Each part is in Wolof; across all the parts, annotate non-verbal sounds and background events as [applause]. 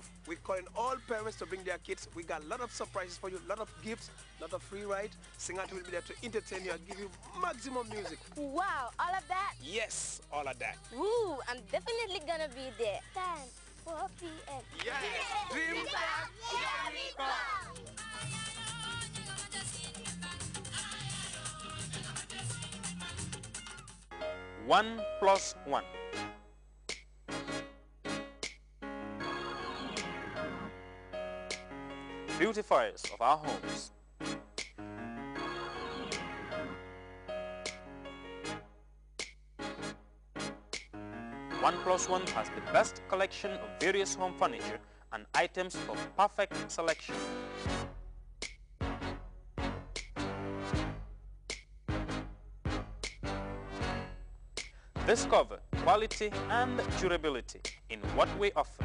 to. We're calling all parents to bring their kids. We got a lot of surprises for you, a lot of gifts, a lot of free ride. Singati will be there to entertain you and give you maximum music. Wow, all of that? Yes, all of that. Woo, I'm definitely gonna be there. 10, 4 p.m. Yes, Dream, Dream One plus one. beautifiers of our homes. One Plus One has the best collection of various home furniture and items of perfect selection. Discover quality and durability in what we offer.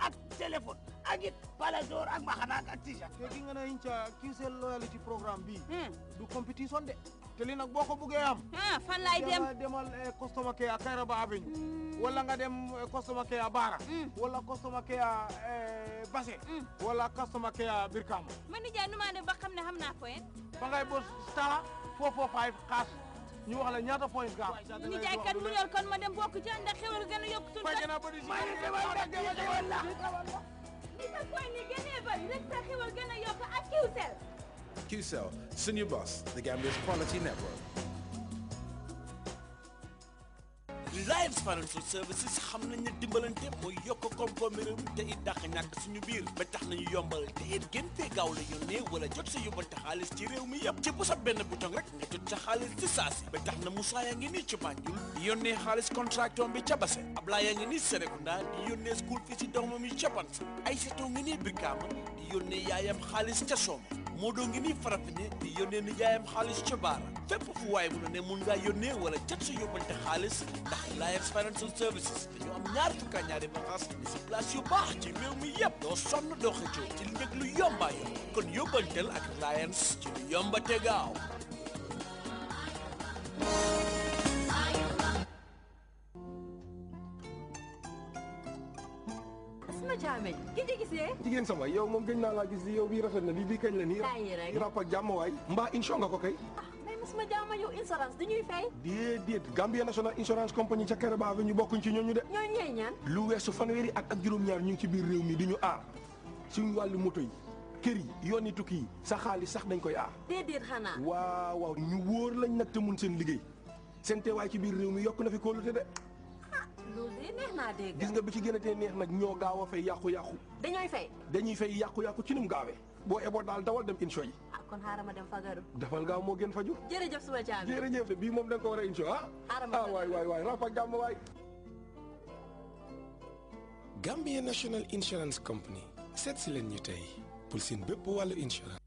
ak téléphone ak it palador ak maxana ak a shirt te ki nga ne incha kii seen loyalty programme bi hmm. du compétition de te li nag boo ko buggee am hmm, fan dem customer care a Kairaba Avenue hmm. wala nga dem eh, customer care a Bara wala customer care a Basse wala customer care a Birkama man ni jaay nu maa dem ba xam ne xam naa ko yéen ba ngay bos star ñu wax la ñaata point nga am. ñu kan mu yor kon ma dem bokk ci ndax xewal gën a yokk suñu. fay gën a bëri si maa ngi demal la demal ni gënee bëri rek sa xewal gën a ak Qcell. Qcell suñu boss The Gambia's Quality Network. Reliance Financial Services xam nañ ne dimbalante mo yokk koom-koomu réew mi te it dàq ñàkk suñu biir ba tax nañu yombal te it gën fee gaaw la yónnee wala jot sa yóbbante xaalis ci réew mi yëpp ci bu sa benn bouton rek nga jot sa xaalis ci saasi ba tax na Moussa yaa ngi nii ci Banjul di yónnee xaalis contracteur bi ca Basse Ablaye yaa ngi nii Serekunda di yónnee school fii ci doomam yi ca ay Aïssatou ngi nii Brikama di yónnee yaayam xaalis ca Soma moo doo ngi nii farata ne di yónnee nijaayam xaalis ca baara fépp fu waaye mun a ne mun ngaa yónnee wala jot sa yóbbante xaalis ndax Reliance Financial Services dañoo am ñaar fukkaa ñaari banqaas ni si place yu baax ci réew mi yépp doo sonn doo xëccoo ci njëg lu yombaa yomb kon yóbbanteel ak ci lu yomba te gaaw Thiamène gëj a gis lee jigéen sama yow moom gëj naa laa gis li yow bii rafet na bi bii kañ la nii rap ak jàmm waay mbaa incho nga ko kay ah, mais ma jaama yow insurance dañuy fay déedéet Gambia National Insurance Company ca Kairaba Avenue ñu bokkuñ ci ñooñu de ñooñu ñooy ñaan lu weesu fanweeri at ak juróom-ñaar ñu ngi ci biir réew mi di ñu aar suñu wàllu moto yi kër yi yoon yi tukki yi sa xaalis sax dañ koy aar déedéet xanaa waaw waaw ñu wóor lañ nag te mun seen liggéey seen teewaay ci biir réew mi yokk na fi kóolute de loolu de gis nga bi ci gën a tee neex nag ñoo gaaw a fay yàqu-yàqu. dañooy fay. dañuy fay yàqu-yàqu ci ni mu gaawee. boo eboo daal dawal dem incha yi. ah kon xaaral ma dafal gaaw moo gën faju. jërëjëf suma caabi. jërëjëf de bii moom da nga ko war a incha ah. xaaral ah, waay waay waay ràpp ak jàmm waay. Gambia National Insurance Company seet si leen ñu tey pour seen bépp wàllu insurance.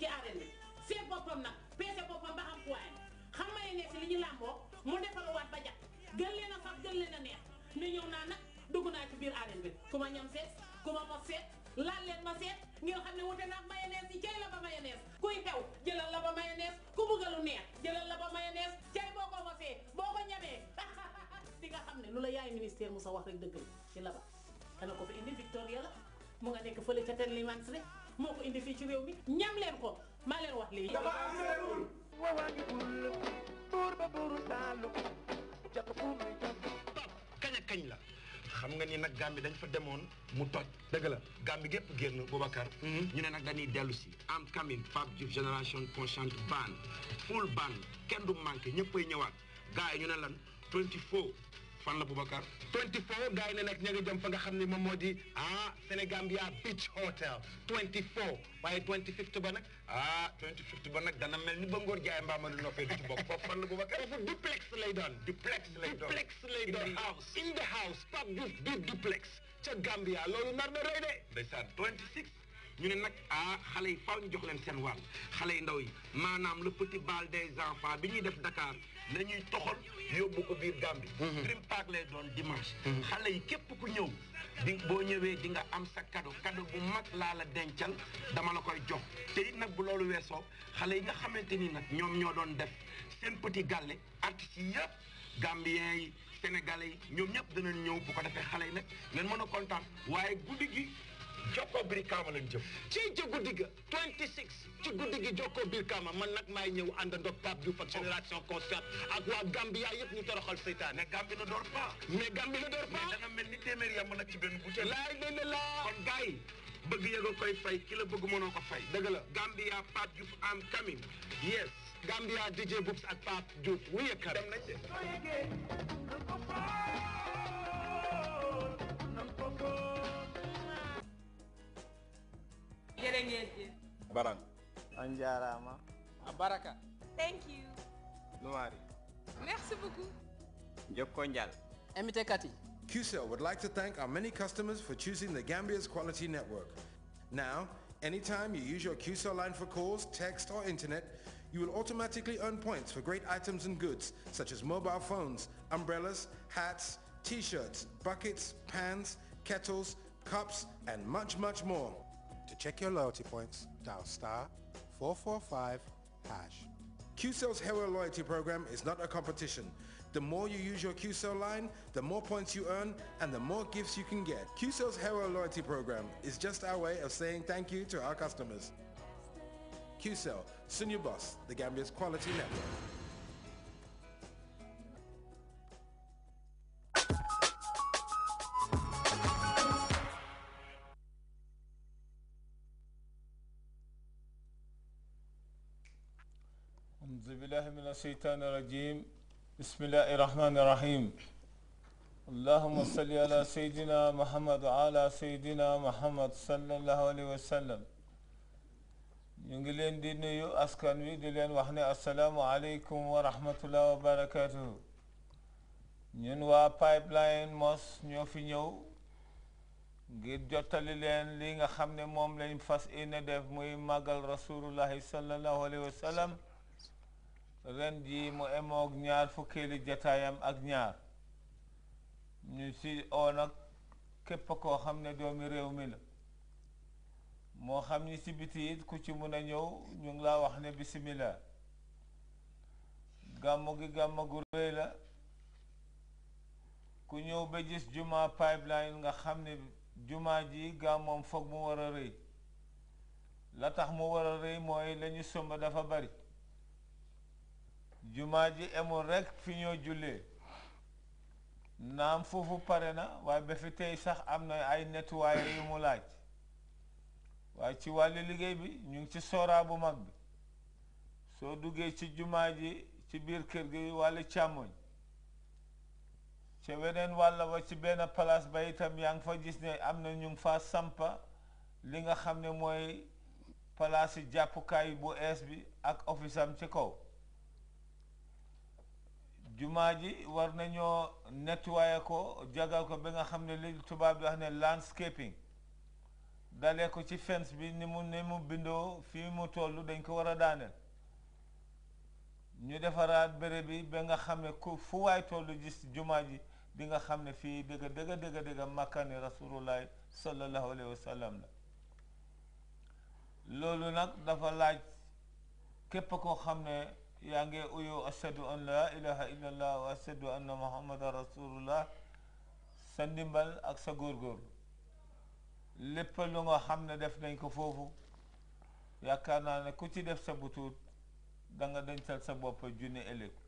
ci arène bi seet boppam nag peese boppam ba am poids xam nga ne si li ñu làmboo mu defal waat ba jàpp gën leen a fab gën leen a neex ne ñëw naa nag dugg naa ci biir arène bi ku ma ñam seet ku ma mos seet laal leen ma seet ngeen xam ne wute naa mayonnaise yi cay ba mayonnaise kuy xew jëlal la ba mayonnaise ku bëgg lu neex jëlal la ba mayonnaise cay boo ko mosee boo ko ñamee [laughs] di nga xam ne lu la yaay ministère Moussa wax rek dëgg la ci la ba dana ko fi indi Victoria la mu nga nekk fële ca ten limans rek moo ko indi fii ci réew mi ñam leen ko maa leen wax léegi. dafa am réewul. wawaangi bul buur ba buuru saalu jàpp ku kañ ak kañ la. xam nga ni nag Gambie dañ fa demoon mu toj. dëgg la Gambie gépp génn Boubacar. Mm-hmm. ñu ne nag dañuy dellu si. am coming Pape Diouf génération consciente ban full ban kenn du manqué ñëppay ñëwaat gars yi ñu ne lan 24 fan la Boubacar 24 gars yi ne nag ña ngi jëm fa nga xam ne moom moo di ah Sénégambia Beach Hotel 24 waaye 25 ba nag ah 25 ba nag dana mel ni ba ngoor Jaay mbaa ma du noppee du ci bokk foofu fan la Boubacar foofu duplex lay doon duplex lay doon duplex lay doon in the house Pape Diouf duplex ca Gambia loolu nar na rëy de ndeysaan 26 ñu ne nag ah xale yi faaw ñu jox leen seen waal xale yi ndaw yi maanaam le petit bal des enfants bi ñuy def Dakar la ñuy toxol yóbbu ko biir Gambie. Mhm. Dream Park lay doon dimanche. Mhm. xale yi képp ku ñëw di boo ñëwee di nga am sa cadeau cadeau bu mag laa la dencal dama la koy jox te it nag bu loolu weesoo xale yi nga xamante ni nag ñoom ñoo doon def seen petit gàlle artistes yi yëpp Gambien yi Sénégalais yi ñoom ñëpp danañ ñëw bu ko defee xale yi nag ngeen mën a kontaan waaye guddi gi. Joko Birkama lañ jëm ci jëgu digga 26 ci guddi gi Joko Birkama man nak may ñëw and ndok pap du fa génération constante ak wa Gambia yëpp ñu toroxal seytane mais Gambie ne dor pas mais Gambie ne dor pas da nga melni témer yam nak ci ben bouté la ben la kon gay bëgg ya nga koy fay ki la bëgg mëno ko fay deug la Gambia pap du am coming yes Gambia DJ Books ak pap du wuyëkar dem na ci Barang, Anjarama. Abaraka, ah, Thank you. Noari. Merci beaucoup. Jokonjal. Emite Kati. QCell would like to thank our many customers for choosing the Gambia's quality network. Now, anytime you use your QCell line for calls, text or internet, you will automatically earn points for great items and goods such as mobile phones, umbrellas, hats, t-shirts, buckets, pans, kettles, cups, and much, much more check your loyalty points, dial star 445 hash. QCell's Hero Loyalty Program is not a competition. The more you use your QCell line, the more points you earn and the more gifts you can get. QCell's Hero Loyalty Program is just our way of saying thank you to our customers. QCell, soon your boss, the Gambia's quality network. بالله من الشيطان الرجيم بسم الله الرحمن الرحيم اللهم صل على سيدنا محمد وعلى سيدنا محمد صلى الله عليه وسلم ينجلين ديني يو أسكن ويدلين وحنا السلام عليكم ورحمة الله وبركاته ينوا pipeline موس نيو في نيو ngir jotali leen li nga xam ne moom lañ fas ina def muy magal rasulullahi sallallahu alayhi wa sallam ren ji mu emoog ñaar fukkeeli jataayam ak ñaar ñu si oo nag képp koo xam ne doomi réew mi la moo xam ni si biti it ku ci mën a ñëw ñu ngi laa wax ne bisimilah gàmmu gi gàmmu rëy la ku ñëw ba gis juma pipeline nga xam ne juma ji gàmmoom foog mu war a rëy la tax mu war rëy mooy la ñu dafa bari jumaa ji emul rek fi ñoo jullee naam foofu pare na waaye ba fi tey sax am na ay nettuwaay yu mu laaj waaye ci wàllu liggéey bi ñu ngi ci sooraa bu mag bi soo duggee ci jumaa ji ci biir kër gi wàllu càmmoñ ci weneen wàlla wa ci benn palaas ba itam yaa ngi fa gis ne am na ñu ngi fa sampa li nga xam ne mooy place jàppukaay bu ees bi ak office am ci kaw jumaa ji war nañoo nettoyer ko jagal ko ba nga xam ne li tubaab bi wax ne landscaping dalee ko ci fence bi ni mu ni mu bindoo fii mu tollu dañ ko war a daaneel ñu defaraat béré bi ba nga xam ne ku fu waay toll gis jumaa ji di nga xam ne fii dëgg dëgg dëgg dëgg màkkani rasulullahi sallallahu alayhi wa sallam la loolu nag dafa laaj képp koo xam ne yange oyo ashadu an la ilaha illallah wa ashadu anna muhammada rasulullah sandimbal ak sa góorgóorlu lépp lu nga xam ne def nañ ko foofu yaakaar naa ne ku ci def sa butuut da nga dencal sa bopp junni ëllëg